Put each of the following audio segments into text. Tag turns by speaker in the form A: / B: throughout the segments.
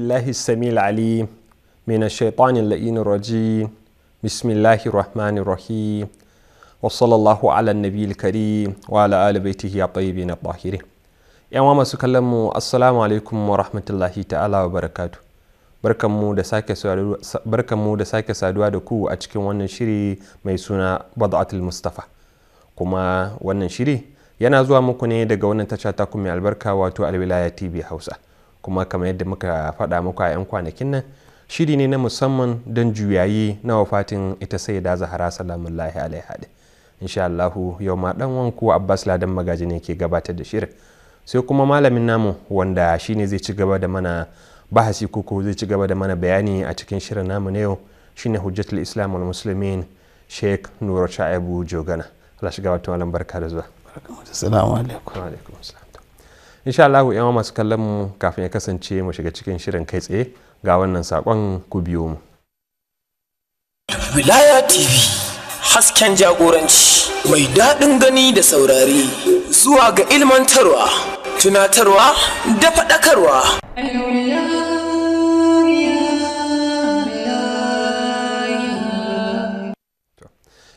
A: بالله السميع العليم من الشيطان اللئين الرجيم بسم الله الرحمن الرحيم وصلى الله على النبي الكريم وعلى آل بيته الطيبين الطاهرين yan wa masu kallon mu assalamu alaikum wa rahmatullahi ta'ala wa barkanmu da sake saduwa da ku a cikin wannan shiri mai suna bad'atul mustafa kuma wannan shiri yana zuwa muku ne daga wannan tasha ta mai albarka wato alwilaya tv hausa kuma kamar yadda muka faɗa muku a 'yan kwanakin nan shiri ne na musamman don juyayi na fatin ita sai da zahara salamullahi haɗe insha Allahu yau ma dan wanku Abbas Ladan Magaji ne ke gabatar da shirin sai kuma malamin namu wanda shine zai ci gaba da mana bahasi koko zai ci gaba da mana bayani a cikin shirin namu na yau shine Hujjatul Islam wal Muslimin sheik Nura Sha'ibu Jogana Allah shiga wata barka da zuwa. insha Allah yawa masu kallon mu kafin ya kasance mu shiga cikin shirin kai tsaye ga wannan sakon ku biyo mu
B: Wilaya TV hasken jagoranci mai daɗin gani da saurari zuwa ga ilmantarwa tunatarwa da faɗakarwa.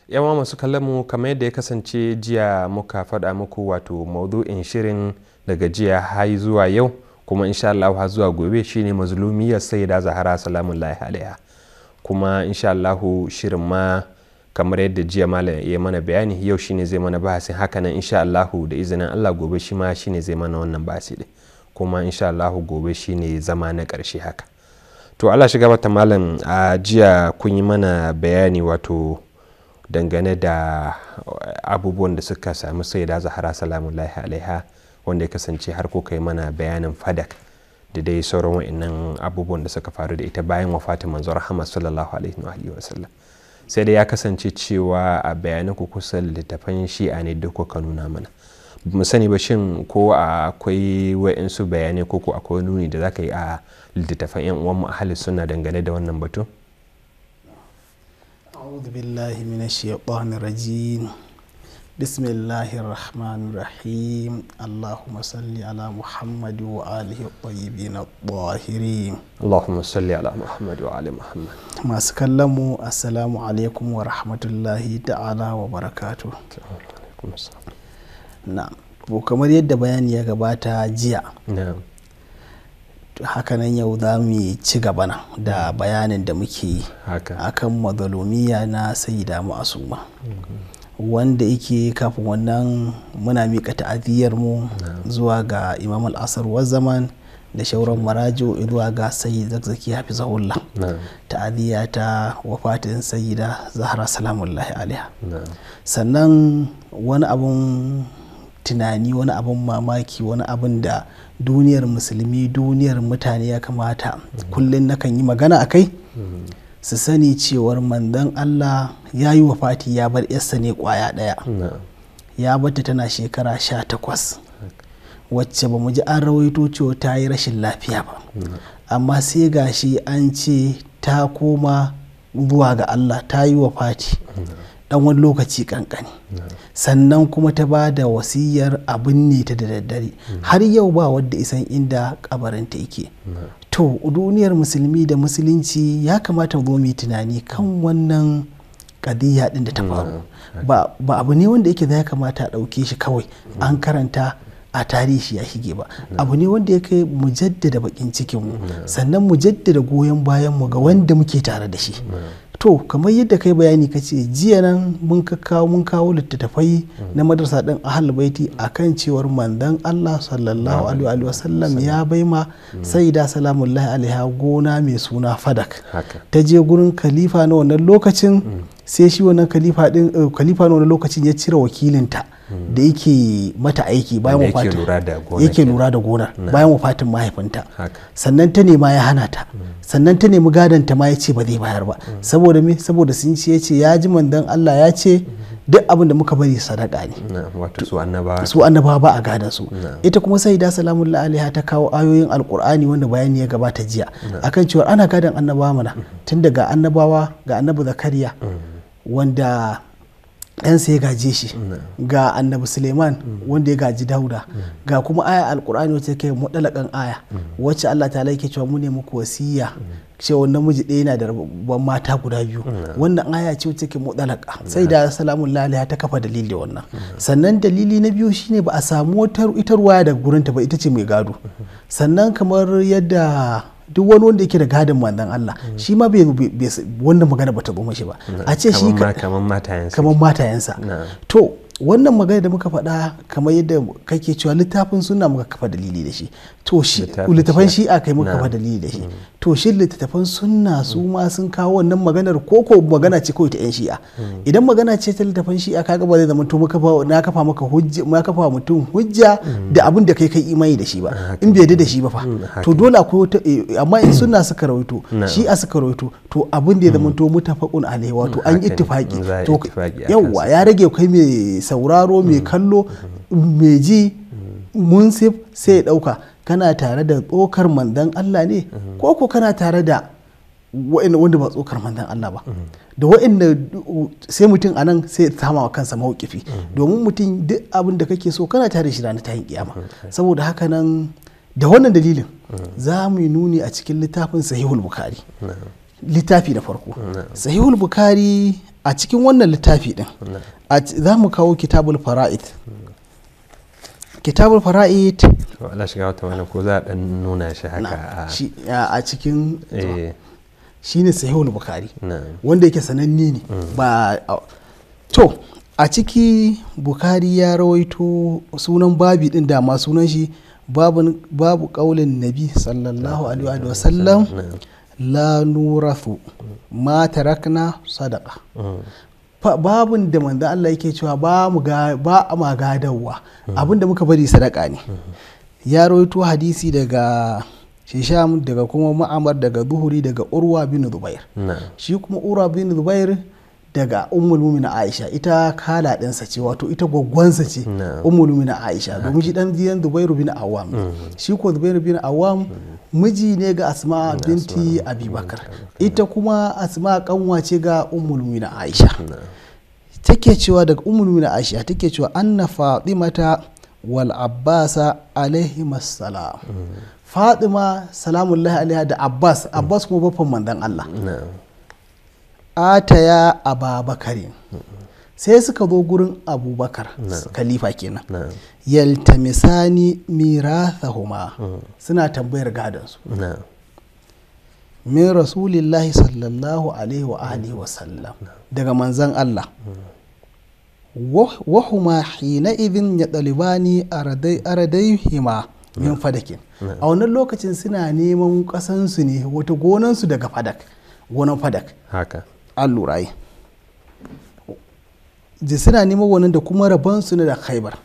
A: yawa masu kallon mu kamar yadda ya kasance jiya muka faɗa muku wato maudu'in shirin daga jiya har zuwa yau kuma insha Allah zuwa gobe shine mazlumiyar sayyida zahara salamun lahi alaiha kuma insha Allah shirin ma kamar yadda jiya malam ya mana bayani yau shine zai mana bahasin nan insha Allah da izinin Allah gobe shi ma shine zai mana wannan bahasi din kuma insha Allah gobe shine zama na karshe haka to Allah shiga mata malam a jiya kun yi mana bayani wato dangane da abubuwan da suka sami sayyida zahara salamun lahi alaiha wanda ya kasance har ko kai mana bayanin fadak da dai sauran wa'annan abubuwan da suka faru da ita bayan wafatin manzo rahama sallallahu alaihi wa alihi sai dai ya kasance cewa a bayanan ku kusan littafan shi'a ne duk kuka nuna mana mu sani ba shin ko akwai wa'insu bayanai ko ko akwai nuni da zaka yi a littattafan yan uwan mu ahli sunna dangane da wannan batu
B: أعوذ بالله من الشيطان الرجيم bismillahirrahmanirrahim allahumma salli ala muhammadu wa alihi wa yibi na
A: ɓahiri allahumma salli ala muhammadu wa alihi muhammadu
B: masu kallon mu asalamu alaikum wa rahmatullahi ta'ala wa barakatu na ko kamar yadda bayani ya gabata jiya hakanan yau za mu ci gabana da bayanin da muke yi akan mazalomiya na sayida mu suma. Mm-hmm. wanda yake kafin wannan muna miƙa ta'aziyyar mu zuwa ga imam al'asar zaman da shauran marajo zuwa ga sayi zakzaki zahullah ta'aziyya ta wafatin sayyida zahra salamullahi alaiha sannan wani abun tunani wani abun mamaki wani abun da duniyar musulmi duniyar mutane ya kamata mm. kullum nakan yi magana a kai mm. su sani cewar manzon Allah ya yi wa fati ya bar yarsa ne kwaya daya ya bata tana shekara sha takwas wacce ba mu ji an rawaito cewa ta yi rashin lafiya ba amma sai gashi an ce ta koma zuwa ga Allah ta yi wa fati dan wani lokaci kankani sannan kuma ta ba da wasiyar abin ne ta da daddare har yau ba wadda isan inda kabarin ta yake to duniyar musulmi da musulunci ya kamata mu yi tunani kan wannan kadiyya din da ta faru mm. ba abu ne wanda yake za ya kamata a dauke shi kawai an karanta a tarihi ya shige ba abu ne wanda ya kai mu jaddada bakin cikin mu sannan mu jaddada goyon bayan mu ga wanda muke tare da shi to kamar yadda kai bayani ka ce jiya nan mun kawo mun kawo littattafai na madarsa din ahal baiti akan cewar manzon Allah sallallahu alaihi wasallam ya baima sayyida salamullahi alaiha gona mai suna fadak ta je gurin khalifa na wannan lokacin mm. sai shi wannan khalifa din eh, khalifa na wani lokacin ya cire wakilinta da yake mata aiki bayan wafatin yake lura da gonar bayan wafatin mahaifinta sannan ta nema ya hana ta hmm. sannan ta nemi gadonta ma ya ce ba zai bayar ba hmm. saboda me saboda sun ce ya ce ya ji mandan Allah ya ce hmm. duk abin da muka bari sadaka ne su annaba ba a gadon su ita kuma sai da salamun la'aliha ta kawo ayoyin alkur'ani wanda bayani ya gabata jiya akan cewa ana gadan annabawa mana tun daga annabawa ga annabi zakariya wanda ɗansa ya gaje shi mm. ga annabi suleiman mm. wanda ya gaji dauda mm. ga kuma aya alkur'ani wacce kai mudalakan aya wacce allah ta laike cewa mu ne muku wasiya cewa namiji ɗaya yana da rababban mata guda biyu wannan aya ce wacce ke mudalaka sai da salamun laliya ta kafa dalili wannan sannan dalili na biyu shine ba a samu wata ita ruwaya daga gurinta ba ita ce mai gado sannan kamar yadda duk wani wanda yake da gadin manzon Allah mm. shi ma bai wanda magana bata goma shi ba mm. a ce shi
A: kamar
B: matayensa to wannan magana da muka faɗa kamar yadda kake cewa littafin suna muka kafa dalili da shi to shi littafan shi'a kai muka ba dalili da shi mm. to shi littafan sunna su mm. ma sun kawo wannan maganar ko ko magana ce kawai ta yan shi'a mm. idan magana ce ta littafan shi'a kaga ba zai zama to muka na kafa maka hujja ma kafa mutum hujja da abin da kai kai imani da shi ba in bai da shi ba fa to dole ko eh, amma in sunna suka rawaito shi'a suka rawaito to abin da ya zama to mutafaqun alaihi wato an ittifaqi to yawa ya rage kai mai sauraro mai kallo mai ji munsif sai ya dauka kana tare da tsokar mandan Allah ne ko ko kana tare da wanda ba tsokar mandan Allah ba da wa'inda sai mutum a nan sai ya wa kansa mawukifi domin mutum duk abin da kake so kana tare shi ranar tayin kiyama saboda haka nan da wannan dalilin za mu yi nuni a cikin littafin sahihul bukari littafi na farko sahihul bukari a cikin wannan littafi din za mu kawo kitabul fara'id kitabul fara'id
A: Allah shiga wata wani ko za a dan nuna shi
B: haka a cikin eh. shine sahihul bukhari wanda yake sananne ne mm. ba to a ciki bukhari ya rawaito sunan babi din da ma sunan shi babu kaulin nabi sallallahu alaihi wa sallam la nurathu ma tarakna sadaqa mm. babun da manzo Allah yake cewa ba mu ba ma gadawa abin da muka bari sadaka ne ya rawaito hadisi daga Shisham daga kuma Ma'amar daga Zuhuri daga Urwa bin Zubair shi kuma Urwa bin Zubair daga ummul mumina aisha ita kala ɗinsa ce wato ita gwaggwansa ce ummul mumina aisha domin shi dan ziyan zubairu bin awam mm-hmm. shi ko zubairu bin awam mm-hmm. miji ne ga asma binti abubakar ita kuma asma kanwa ce ga umulmina aisha take cewa daga umulmina aisha take cewa anna fatimata wal abbasa alaihi salam mm. fatima salamullahi alaiha da abbas mm. abbas kuma baffan mandan allah ataya ababakarin mm. sai suka zo gurin abubakar khalifa kenan yaltamisani mirathahuma hmm. suna tambayar gadansu min rasulillahi sallallahu alaihi wa alihi wa sallam daga manzan Allah
C: hmm.
B: wahuma hina idin ya ɗalibani aradaihima min fadakin a wannan lokacin suna neman kasansu ne wata gonansu daga fadak gonan fadak haka an ji suna neman wannan da kuma su na da khaibar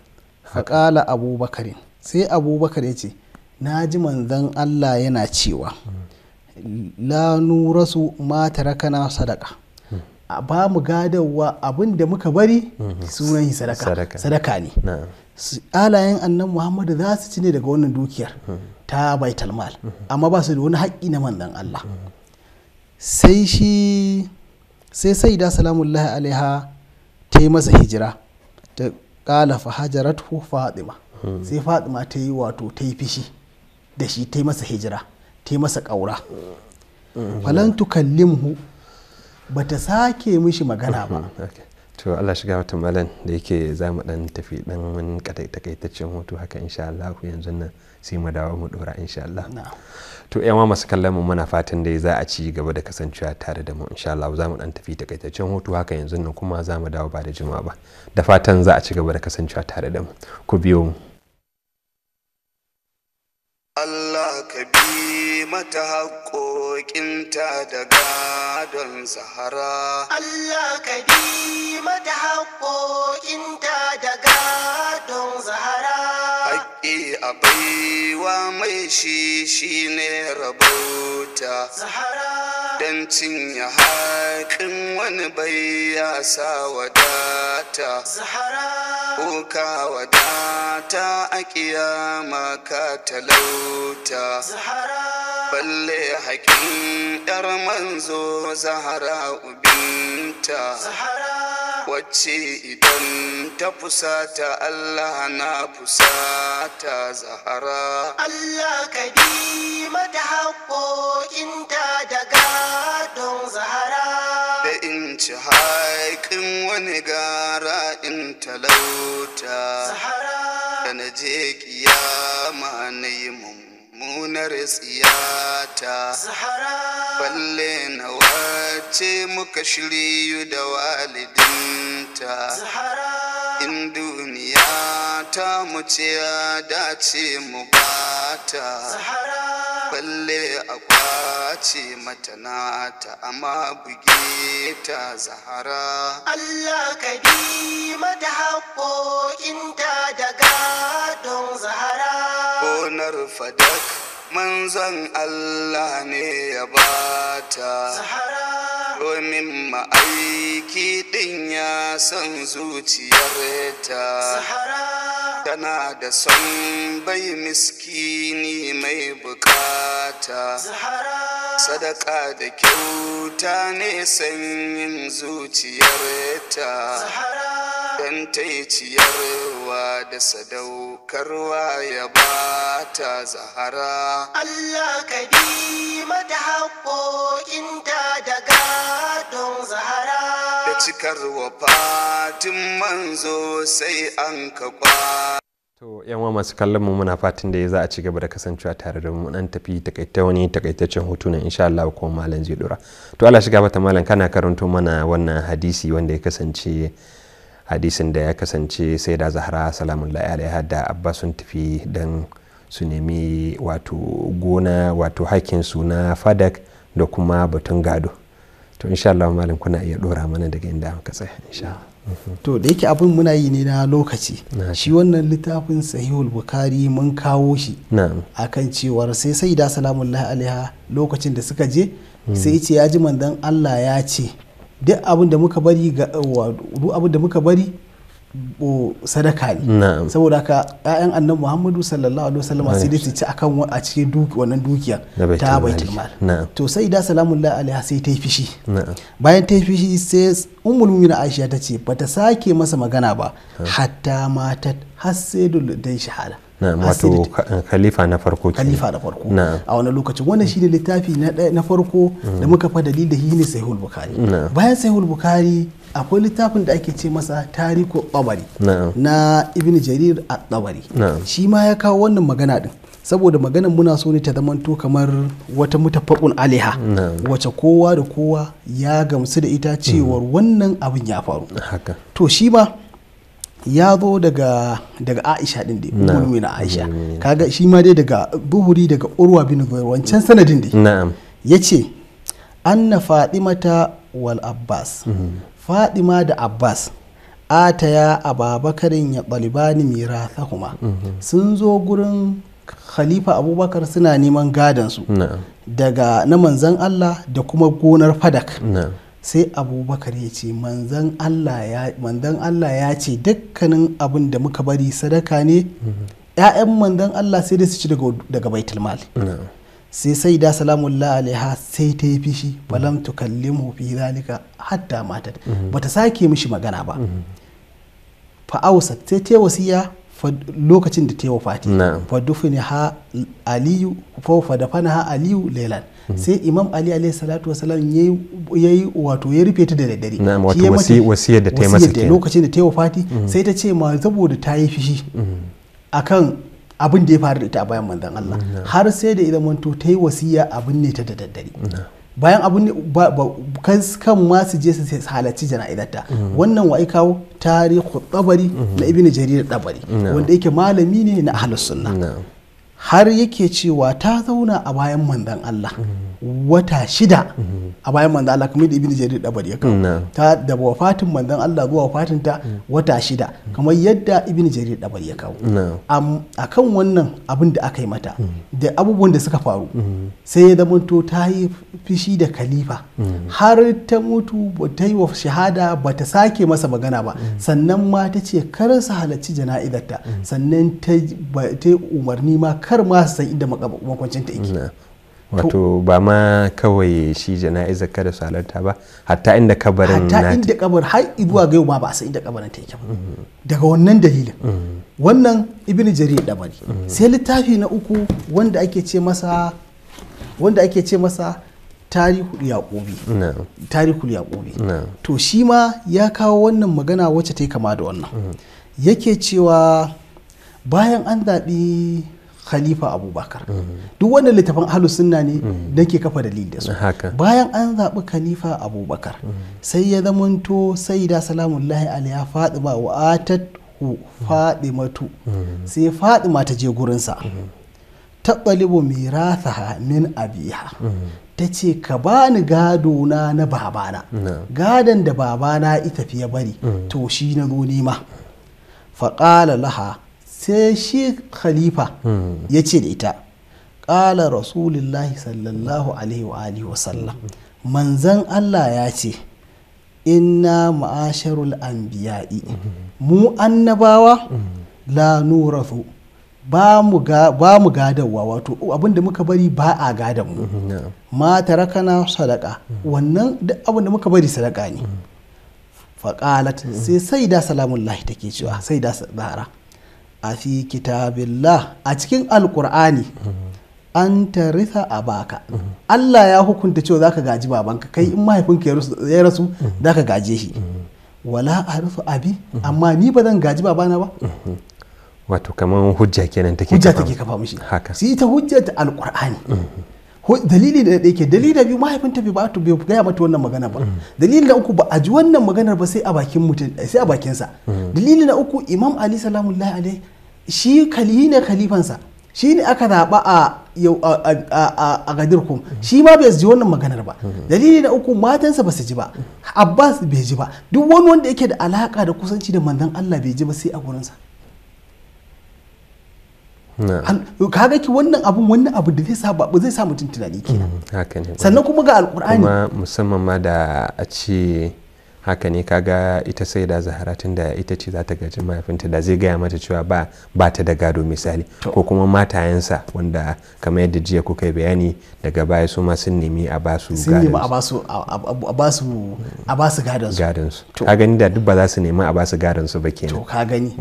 B: faƙala abubakar sai abubakar ya ce na ji manzan allah yana cewa la nurasu ma tarakana sadaka ba mu gadawa abin da muka bari
C: sunan sadaka sadaka ne
B: alayen annan muhammadu za su ci ne daga wannan dukiyar ta baital mal amma ba su da wani haƙƙi na manzan allah sai shi sai sai da salamullahi alaiha ta yi masa hijira ta kala fa hajaratu fatima hmm. sai fatima ta yi wato ta yi fishi da shi ta yi masa hijira ta yi masa ƙaura hmm. falan tukallimhu ba ta sake mishi magana ba
A: hmm. to Allah shiga wata malan da yake za mu dan tafi dan wani takaitaccen hoto haka insha Allah yanzu nan sai mu dawo mu dora insha Allah to yawa masu kallon mu muna fatan dai za a ci gaba da kasancewa tare da mu insha Allah za mu dan tafi takaitaccen hutu haka yanzu nan kuma za mu dawo ba da juma'a ba da fatan za a ci gaba da kasancewa tare da mu ku biyo mu Allah ka bi
D: mata haƙoƙinta da gadon sahara.
B: Allah ka bi mata haƙoƙinta da gadon sahara.
D: e a mai shi shine rabota, don cinye haƙin wani bai ya sa wadata ko ka wadata a ƙiyama ka talauta balle haƙin 'yar manzo zahara ubinta wacce idan ta fusata Allah na fusata zahara Allah ka bi
B: mata haƙoƙinta daga don zahara
D: da in ci haƙin wani gara in talauta zahara da na je kiyama na yi mummuna mummunar tsiyata balle na wace muka shiryu da walidinta in duniya ta mu dace mu bata balle a kwace mata nata amma buge ta zahara
B: Allah ka bi mata haƙoƙinta da gadon zahara
D: gonar fadak manzon Allah ne ya bata domin ma'aiki ɗin ya san zuciyar ta tana da son bai miskini mai bukata sadaka da kyauta ne sanyin zuciyarta don ta yi taiciyar. cewa da sadaukarwa ya ba ta zahara
B: Allah ka bi mata haƙoƙinta daga don zahara da cikarwa fatin
D: manzo sai an ka kwa yan
A: yanwa masu kallon mu muna fatin da ya za a ci gaba da kasancewa tare da mu nan tafi takaita wani takaitaccen hutu na insha Allah ko malam zai dora to Allah shiga bata malam kana karanto mana wannan hadisi wanda ya kasance hadisin da ya kasance sai da zahra salamun alaiha da abba sun tafi don su nemi wato gona wato su na fadak da kuma batun gado to insha Allah malam kuna iya
B: dora mana daga inda muka tsaya insha mm-hmm. to da yake abin muna yi ne na lokaci shi wannan littafin sahihul bukari mun kawo shi akan cewar sai sai da salamun alaiha lokacin da suka je mm. sai ce ya ji mandan Allah ya ce duk abin da muka bari ga duk abin da muka bari sadaka ne saboda ka ƴaƴan annan muhammadu sallallahu alaihi wasallam sai dai su ci akan a cikin duki wannan dukiya ta baitul mal to sai da salamullahi alaiha sai ta yi fishi bayan ta yi fishi sai ummul mu'minin aisha ta ce bata sake masa magana ba hatta matat har sai shahada
A: wato eh, khalifa na farko khalifa na farko
B: a wani lokacin wannan shi ne littafi na farko da muka fa dalil da ne sahihul bukhari bayan sahihul bukhari akwai littafin da ake ce masa tariko abari na ibn jarir a tabari shi ma ya kawo wannan magana din saboda maganan muna so ne ta zamanto kamar wata mutafaƙun aliha wace kowa da kowa ya gamsu da ita cewar mm. wannan abin ya faru to shi ma ya zo daga daga aisha din dai ulumi na aisha kaga shi ma dai daga buhuri daga urwa bin zubair wancan sanadin dai yace anna fadimata wal abbas mhm. fadima da abbas ataya ababakarin ya ɗalibani mirasahuma mhm. sun zo gurin khalifa abubakar suna neman gadansu daga na manzan allah da kuma gonar fadak sai abubakar ya ce manzan allah ya ce dukkanin abin da muka bari sadaka ne mm-hmm. ‘ya'yan manzan allah sai dai su ci daga baitul mal sai sai da salamullah alaiha sai ta yi fishi balam tu kallimu fi zalika hatta matar mm-hmm. bata sake mishi magana ba mm-hmm. fa'ausa sai ta wasiya lokacin da tewa fati fadufin ha aliyu fadafana ha aliyu lailan mhm. sai imam ali alayhi salatu wasalam yi wato ya rufe ta da daddare wato wasiyar da ta yi masa lokacin da tewa fati mhm. sai ta ce ma saboda ta yi fishi mhm. akan abin da ya faru da ita a bayan manzon Allah har sai da idan manto ta yi wasiya abin ne ta da daddare bayan abun kan ma su je su halarci jana'idarta mm-hmm. wannan wa kawo tarihi tsabari mm-hmm. na ibn jarir tsabari wanda yake malami ne na ahlus sunna har yake cewa ta zauna a bayan manzon Allah mm-hmm. wata shida mhm. a bayan manzan Allah kamar da ibn jarir bari ya kawo ta da wafatin manzan Allah zuwa wafatin ta wata shida kamar yadda ibn jarir bari ya kawo mhm. mhm. a kan wannan abin da aka yi mata da abubuwan da suka faru sai ya to ta yi fishi da kalifa har ta mutu ba ta yi wa shahada ba ta sake masa magana ba sannan ma ta ce kar su halarci jana'izarta sannan ta yi umarni ma kar ma su san inda makwancinta yake wato
A: ba ma kawai shi jana'iza kada su halarta ba hatta inda kabarin
C: na hatta inda
B: kabar har zuwa ga yau ba a san inda kabarin ta yake ba mm-hmm. daga wannan dalilin mm-hmm. wannan ibnu jarir dabari mm-hmm. sai littafi na uku wanda ake ce masa wanda ake ce masa tarihul yaqubi tarihul yaqubi to shi ma ya kawo wannan magana wacce ta yi kama da wannan yake cewa bayan an zaɓi khalifa abubakar duk wanda littafin ahlus sunna ne da ke kafa dalil da su bayan an zaɓi khalifa abubakar sai ya zamanto sai da salamullahi alaiha fatima wa atat fadimatu sai fadima ta je gurinsa ta ɗalibu mirathaha min abiha ta ce ka bani gado na na babana gadon da babana ita fiye bari to shi na zo nema faƙala laha sai shi khalifa ya ce da ita ƙala rasulullahi sallallahu alaihi wa wa sallam manzan allah ya ce inna ma'asharul anbiya'i mu annabawa la nurathu ba mu gadarwa wato abinda muka bari ba a gadan mu ma tarakana sadaka wannan duk abinda muka bari sadaka ne faƙalat sai sai da salamun lahi take cewa sai da tsara a fi kitabillah a cikin alkur'ani an tarisa a baka Allah ya hukunta cewa zaka gaji babanka kai in mahaifinka ya rasu zaka gaje shi wala a rasu abi amma ni ba zan gaji babana ba
A: wato kamar hujja kenan take kafa mishi haka
B: sai ita hujja ta alkur'ani dalili da yake dalili da biyu mahaifinta bai ba bai gaya mata wannan magana ba dalili na uku ba a ji wannan maganar ba sai a bakin mutum sai a bakin sa dalili na uku imam ali salamullahi alaihi shi kali ne sa shi ne aka zaɓa a gadir shi ma bai ji wannan maganar ba dalili na uku matansa ba su ji ba abbas bai ji ba duk wani wanda yake da alaka da kusanci da manzon allah bai ji ba sai a gurinsa ka ga ki wannan abun wannan abu da zai sa ba zai sa mutum tunani kenan mm, sannan kuma ga alkur'ani
A: kuma musamman ma da a ce haka ne kaga ita sai da zahara tun da ita ce za ta gaji mahaifinta da zai gaya mata cewa ba ba ta da gado misali ko kuma matayensa wanda kamar yadda jiya kuka yi bayani daga baya su ma sun nemi a ba a su
B: gadon
A: su ka gani da duk ba za su nemi a su gadon su ba kenan to
B: ka gani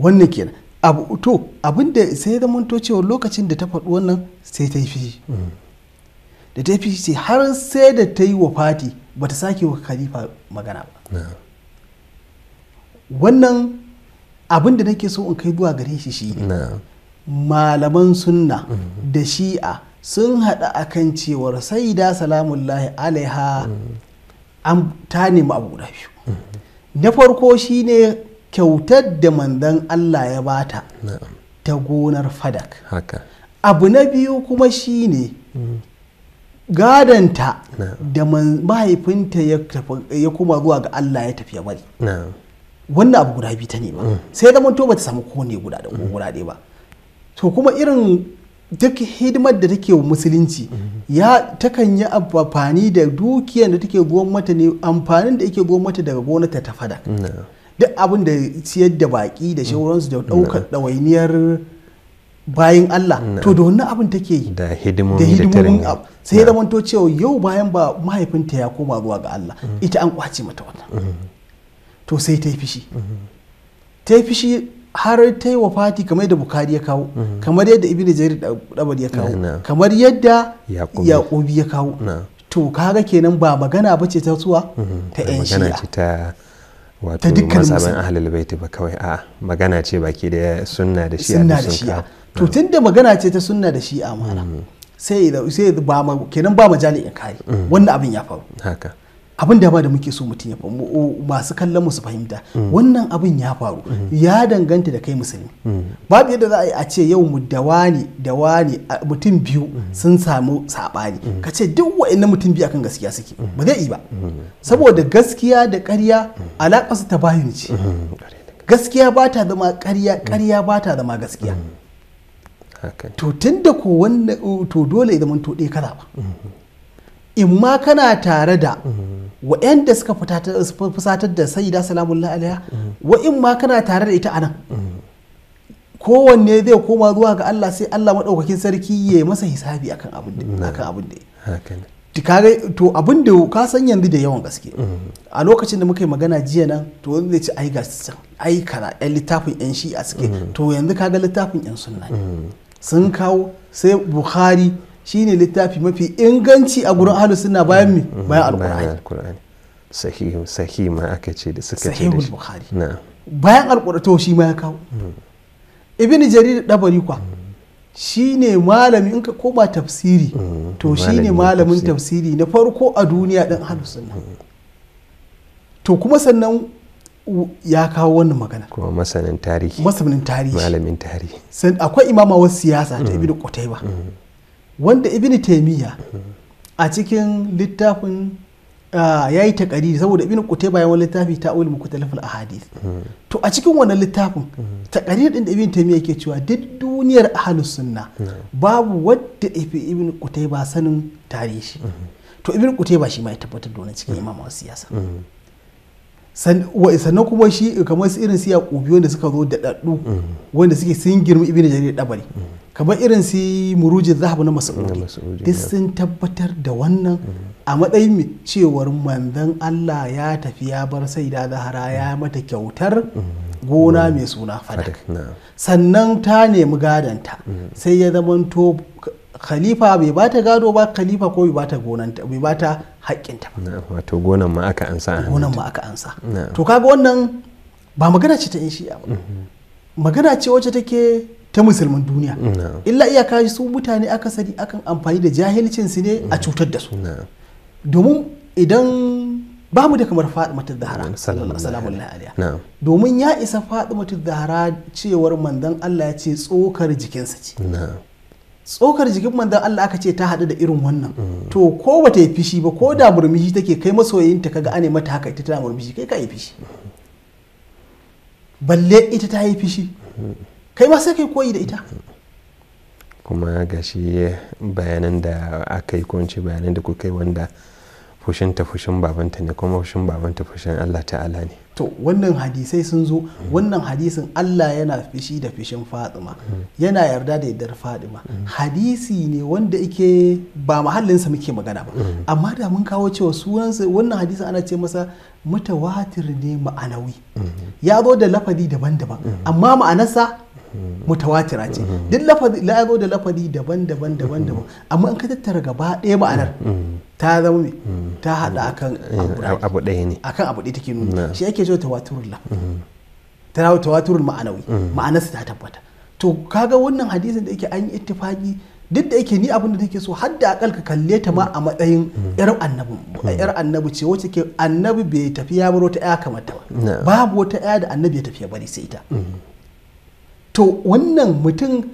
B: wannan kenan abu to abin da sai da manto cewa lokacin da ta faɗi wannan sai ta fi da ta fi ce har sai da ta yi wa fati ba ta sake wa khalifa magana ba wannan abin da nake so in kai zuwa gare shi shi ne malaman sunna mm-hmm. da shi'a sun haɗa a kan cewar sai da salamullahi alaiha mm-hmm. an ta nemi abu mm-hmm. na farko shi ne. kyautar da Mandan Allah ya bata ta gonar fadak abu na biyu kuma shi ne. Mm. gadanta da mahaifinta ya kuma zuwa ga Allah ya tafi ya bari wannan abu guda biyu ta nema mm. sai da manto bata samu kone guda da mm. guda ɗaya ba to kuma irin duk hidimar da take wa musulunci ya takan yi amfani da dukiyar da take gwamnati ne amfanin da yake gwamnati daga gonata ta fada duk abin da ciyar da baki da mm. shauransu da ɗaukar mm. ɗawainiyar bayan Allah mm. to da wannan abin take yi
A: da hidimomin
B: sai ya zamanto cewa yau bayan ba mahaifinta ya koma zuwa ga Allah ita an kwace mata wannan to sai ta yi fishi ta yi fishi har ta yi wafati kamar yadda bukari ya kawo kamar yadda ibn jarir dabar ya kawo kamar yadda yaqubi ya kawo to kaga kenan ba magana ce ta suwa mm-hmm. ta yan
A: shi'a wato mazhaban ahlul baiti ba kawai a magana ce baki da sunna da shi'a a da shi'a
B: to hmm. tunda magana ce ta sunna da shi'a mana hmm. sai sai ba kenan ba majali in kai hmm. wannan abin ya faru haka abin da ba da muke so mutum ya masu kallon mu su fahimta wannan abin ya faru ya danganta da kai musulmi babu yadda za a yi a ce yau mu dawani dawani mutum biyu sun samu saɓani ka ce duk wa'annan mutum biyu akan gaskiya suke ba zai yi ba saboda gaskiya da ƙarya alaƙa su ta bayan ce gaskiya ba ta zama ƙarya ƙarya ba ta zama gaskiya to tun da ko wannan to dole ya zama to ɗaya kaza ba in ma kana tare da mhm. wa'yanda suka fusatar da sayida salamullahi alaiha mhm. wa in ma kana tare da ita anan mhm. kowanne zai koma zuwa ga Allah sai Allah maɗaukakin sarki ya masa hisabi akan abin da ya to abin da ka san yanzu da yawan gaske a lokacin da muka yi magana jiya nan to wanda zai ci ai ga can ai kana yan littafin yan shi'a suke to yanzu kaga littafin yan sunna sun kawo sai bukhari shine littafi mafi inganci a gurin ahlus sunna bayan mi mm-hmm. bayan
A: alqur'ani sahih ma aka ce da suka ce sahihul
B: bukhari bayan alqur'ani to shi ma ya kawo mm. ibn jarir dabari kwa mm. shine malami in ka koma tafsiri mm. to shine malamin tafsiri na farko a duniya din ahlus sunna to kuma sannan ya kawo wannan magana kuma masanin tarihi masanin tarihi malamin tarihi akwai imama wasu siyasa ta ibn qutayba wanda ibn taimiyya a cikin littafin ya yi takari saboda ibn kute bayan wani littafi ta ulmu kutalafin a hadis to a cikin wannan littafin takari din da ibn taimiyya ke cewa duk duniyar ahalus sunna babu wadda ifi ibn kute ba sanin tarihi to ibn kute ba shi ma ya tabbatar da wani cikin imamawa siyasa sannan kuma shi kamar su irin su yaƙubi wanda suka zo daɗaɗɗu mm. wanda suke sun girma da jarir ɗabari mm. kamar irin su murujin zahabu na masa'udi duk sun tabbatar da wannan mm. a matsayin cewar manzan Allah ya tafi ya bar sai da zahara ya mata kyautar gona mai suna fadak sannan ta nemi gadanta sai ya zamanto khalifa bai bata gado ba khalifa ko bai bata gonanta bai bata haƙƙinta
A: ba wato gonan ma aka ansa gonan
B: ma aka ansa to kaga wannan ba magana ce ta in shi'a ba mhm. magana ce wacce take ta musulman duniya illa iyaka su mutane akasari akan amfani da jahilcin su ne a mhm. cutar da su domin idan ba mu da kamar fatimatu zahara sallallahu alaihi domin ya isa fatimatu zahara cewar manzon Allah ya ce tsokar jikinsa ce tsokar jikin mandan Allah aka ce ta haɗu da irin wannan to ko bata yi fishi ba ko da murmushi take kai masoyinta kaga ane mata haka ita tana murmushi kai ka yi fishi balle ita ta yi fishi kai ma sai kai koyi da ita
A: kuma gashi bayanan da aka yi kunci bayanan da ku kai wanda fushinta fushin babanta ne kuma fushin babanta fushin Allah ta'ala ne
B: to wannan hadisai sun zo wannan hadisin Allah yana fishi da fishin Fatima yana yarda da yardar Fatima hadisi ne wanda yake ba mahallinsa muke magana ba amma da mun kawo cewa sunansa wannan hadisin ana ce masa mutawatir ne ma'anawi ya zo da lafadi daban-daban amma ma'anarsa mutawatira ce duk lafadi da lafadi daban-daban daban-daban amma in ka tattara gaba ɗaya ma'anar ta zama ta hada akan eh, abu ɗaya ne akan abu ɗaya take nuni shi ake zo tawaturul laf mm-hmm. ta rawo tawaturul ma'anawi mm-hmm. ma'anarsa ta tabbata to kaga wannan hadisin da yake an yi ittifaqi duk da yake ni abin da take so har da akal ka kalle ta ma a mm-hmm. matsayin yar annabi yar annabi ce wacce ke annabi bai tafi ya bar wata ya kamar ta ba babu wata ya da annabi ya tafi ya bari sai ita to wannan mutum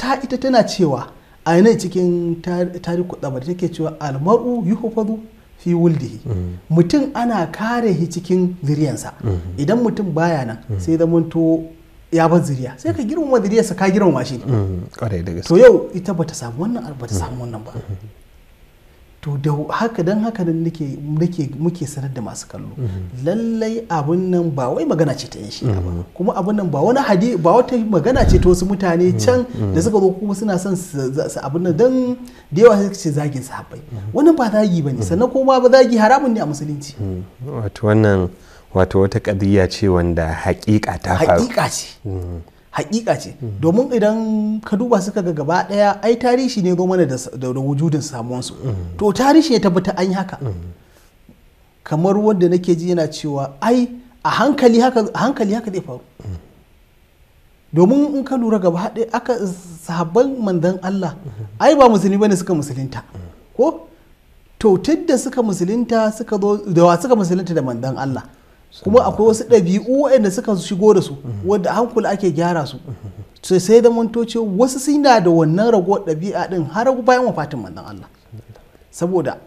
B: ta ita tana cewa a yanayi cikin tarihi da da take cewa almar'u hufadu fi wuldihi mm-hmm. mutum ana kare shi cikin zuriyansa mm-hmm. idan mutum baya nan mm-hmm. sai to ya bar zuriya sai ka girmama zuriyarsa ka girmama shi to yau ita bata samu samu wannan ba to da haka don haka nan nake muke sanar da masu kallo mhm. lallai abun nan ba wai magana ce ta yin shi ba mhm. kuma abun nan ba wani hadi ba wata magana ce ta wasu mutane mhm. can da suka zo kuma suna son su abun nan don da yawa suka ce zagin sahabbai wannan ba zagi ba ne sannan kuma ba zagi haramun ne a musulunci
A: wato wannan wato wata kadiyya ce wanda hakika ta faru hakika
B: ce hakika ce hmm. domin idan ka duba suka ga gaba daya ai tarihi ne gwamnati da wujudin samuwansu hmm. to tarihi ya tabbata an yi haka hmm. kamar wanda nake ji yana cewa ai a hankali haka hankali haka zai faru domin in ka lura gaba daya aka sahabban manzon Allah ai ba musulmi bane suka musulunta ko to tunda suka musulunta suka zo da suka musulunta da manzon Allah kuma akwai wasu ɗabi'u waɗanda suka shigo da su wadda hankula ake gyara su sai sai da mantoci wasu suna da wannan ragowar ɗabi'a ɗin har bayan wafatin manzon Allah saboda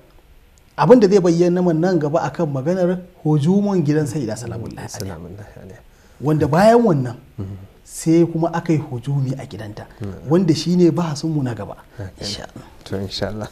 B: abin da zai bayyana man nan gaba akan maganar hujuman gidan sayyida salamullahi alaihi wanda bayan wannan sai kuma aka yi hujumi a gidanta hmm. wanda shine su na gaba hmm.
A: insha Allah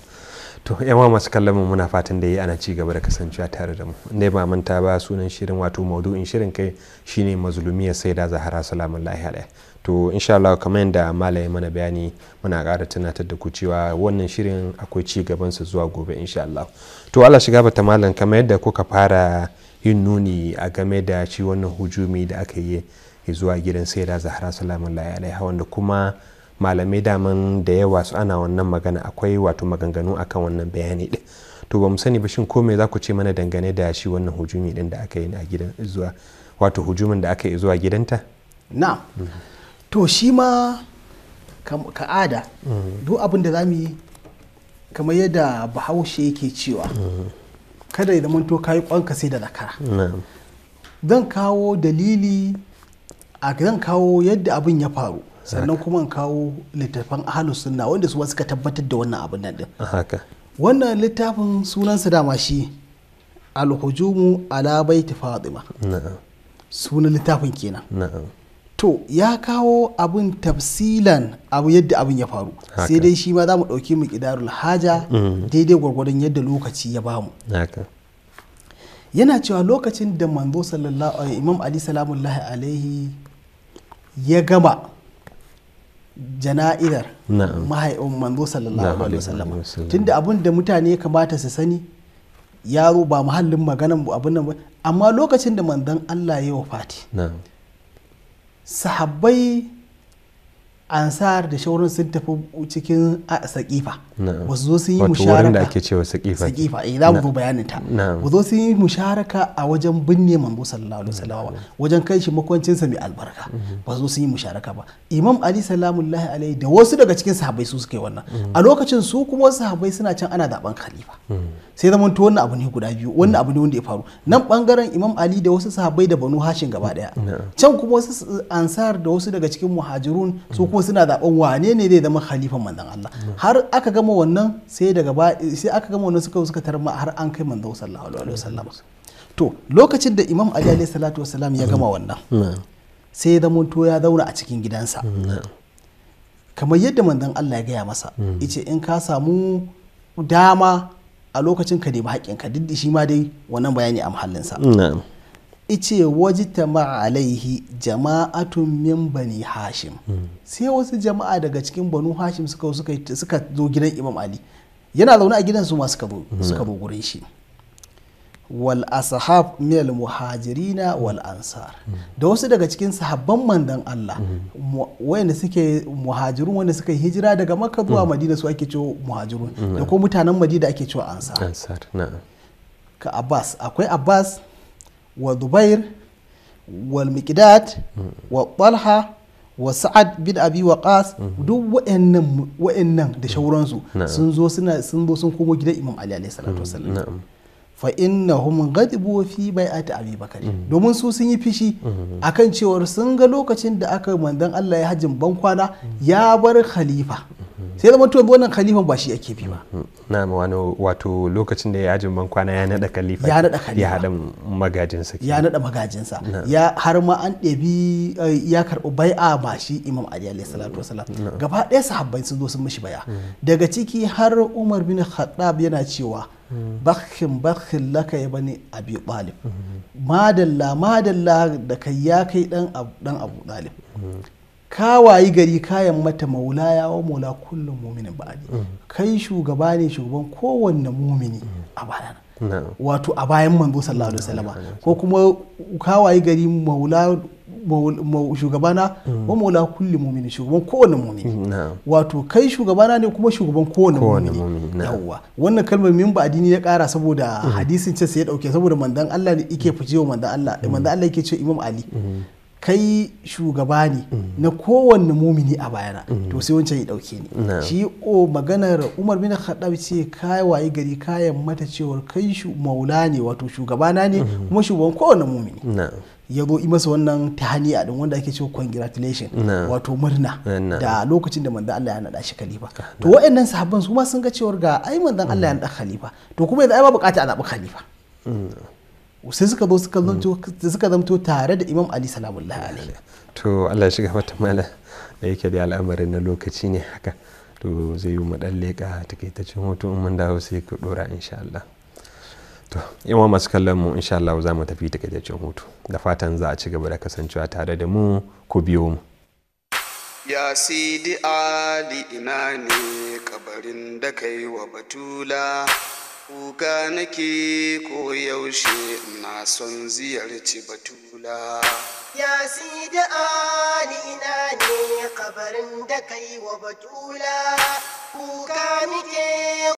A: to yawa masu kallon mu muna fatan da yi ana ci gaba da kasancewa tare da mu inda ba manta ba sunan shirin wato maudu'in shirin kai shine mazlumiyar saida zahara salamu alaihi alaihi to insha Allah kamar yadda malaye mana bayani muna ƙara tunatar da ku cewa wannan shirin akwai ci gabansa zuwa gobe insha Allah to Allah shiga bata malam kamar yadda kuka fara yin nuni a game da shi wannan hujumi da aka yi zuwa gidan saida zahara salamu alaihi alaihi wanda kuma malamai daman da yawa su ana wannan magana akwai wato maganganu akan wannan bayani din to ba mu sani ba shin ko me za ku ce mana dangane da shi wannan hujumi din da aka yi a gidan zuwa wato hujumin da aka yi zuwa gidanta
B: na to shi ma ka ada mm. duk abin da za mu yi kamar yadda bahaushe yake cewa mm. kada ya zamanto kayi kwanka sai da zakara zan kawo dalili a zan kawo yadda abin ya faru sannan kuma in kawo littafin ahalus sunna wanda su suka tabbatar da wannan abin nan din wannan littafin sunansa dama shi alhujumu ala baiti fatima sunan littafin kenan to ya kawo abin tafsilan abu yadda abin ya faru sai dai shi ma za mu ɗauki mu ƙidarul haja mm. daidai gwargwadon yadda lokaci ya bamu yana cewa lokacin da manzo sallallahu alaihi imam ali salamullahi alaihi ya gama jana'izar mahaifin manzo sallallahu alaihi wasallam tunda abin da mutane ya kamata su sani yaro ba muhallin maganan abin nan amma lokacin da manzon Allah ya wafati sahabbai ansar da shaurin sun tafi cikin sakifa wasu zo sun yi musharaka da ake
A: cewa sakifa sakifa eh za mu zo bayanin ta
B: sun yi musharaka a wajen binne manzo sallallahu alaihi wasallam wajen kai shi makwancin sa mai albarka mhm. ba zo sun yi musharaka ba imam ali salamullahi alaihi da wasu daga cikin sahabbai su suke wannan mhm. a lokacin su kuma wasu sahabbai suna can ana zaben khalifa mhm. sai zama to wannan abu ne guda biyu wannan abu ne wanda ya faru nan bangaren imam ali da wasu sahabbai da banu hashin gaba daya can kuma wasu ansar da wasu daga cikin muhajirun su kuma samu suna zaɓen wane ne zai zama khalifan manzon Allah har aka gama wannan sai daga sai aka gama wannan suka suka tarma har an kai manzon sallallahu alaihi wasallam to lokacin da Imam Ali alaihi salatu wasallam ya gama wannan sai ya zamanto ya zauna a cikin gidansa kamar yadda manzon Allah ya gaya masa yace in ka samu dama a lokacin ka nemi haƙƙinka duk shi ma dai wannan bayani a muhallinsa ice wajita alaihi jama'atun min bani hashim hmm. sai wasu jama'a daga cikin banu hashim suka suka zo gidan imam ali yana zaune a gidansu ma suka bu hmm. gurin shi wal ashab mil muhajirina wal ansar hmm. da wasu daga cikin sahabban mandan Allah wayanda suke muhajirun wanda suka hijira daga makka zuwa madina su ake cewa muhajirun da ko mutanen madina ake cewa
A: ansar
B: ka abbas akwai abbas wa zubair wal miqdad wa talha wa sa'ad bin abi waqas mhm. duk wa'annan da mhm. shauransu sun zo suna sun zo sun komo gidan imam ali alaihi salatu mhm. fa innahum ghadibu fi bai'ati abi bakari mm-hmm. domin su sun yi fishi mm-hmm. akan cewar sun ga lokacin da aka manzon Allah ya hajin ban kwana mm-hmm. ya bar khalifa sai zama to wannan khalifan ba shi yake bi ba
A: na wani wato lokacin da ya hajin ban kwana ya nada khalifa ya nada khalifa ya hada magajinsa
B: ya nada magajinsa ya har ma an ɗebi eh, ya karbi bai'a ba shi imam ali alayhi salatu wasalam gaba ɗaya sahabbai sun zo sun mishi baya daga ciki har umar bin khattab yana cewa bakhin bakin laka ya bani abi ɗalib madalla madalla da kai ya kai dan abu ɗalib ka wayi gari kayan mata ya wa maula kullum muminin ne kai shugaba ne shugaban kowanne mumini a bayan wato a bayan manzo sallallahu alaihi wasallama ko kuma ka wayi gari maula shugabana mm. wa maula kulli mumini shugaban kowane mumini wato kai shugabana ne kuma shugaban kowane
C: mumini yawwa
B: wannan kalmar min ba addini ya kara saboda mm. hadisin ce sai ya dauke saboda mandan Allah ne yake fice wa mandan Allah mm. mandan Allah yake ce Imam Ali kai shugaba ne na kowanne mumini a bayana to sai wancan ya dauke ni shi o maganar umar bin khattab ce kai wayi gari kayan mata cewar kai shu maula ne wato shugabana ne mhm. kuma shugaban kowanne mumini ya zo masa wannan tahaniya din wanda ake cewa congratulation wato murna da lokacin da manzo Allah ya nada shi khalifa to waɗannan sahabban su ma sun ga cewar ga ai manzo Allah ya nada khalifa to kuma yanzu ai ba bukata a zaɓi khalifa sai suka zo hmm. suka zamto tare da imam ali salamullahi alaihi
A: to allah ya shiga mata mala da yake da al'amarin na lokaci ne haka to zai yi mu dan leƙa takaitaccen hoto in mun dawo sai ku dora insha allah to yawan masu kallon mu insha allah za mu tafi takaitaccen hoto da fatan za a ci gaba da kasancewa tare da mu ku biyo mu
D: ya sidi ali ina ne kabarin da kai wa batula kuka nake ko yaushe na son ziyarci batula
B: ya da alina ne kabarin da kai wa batula kuka nake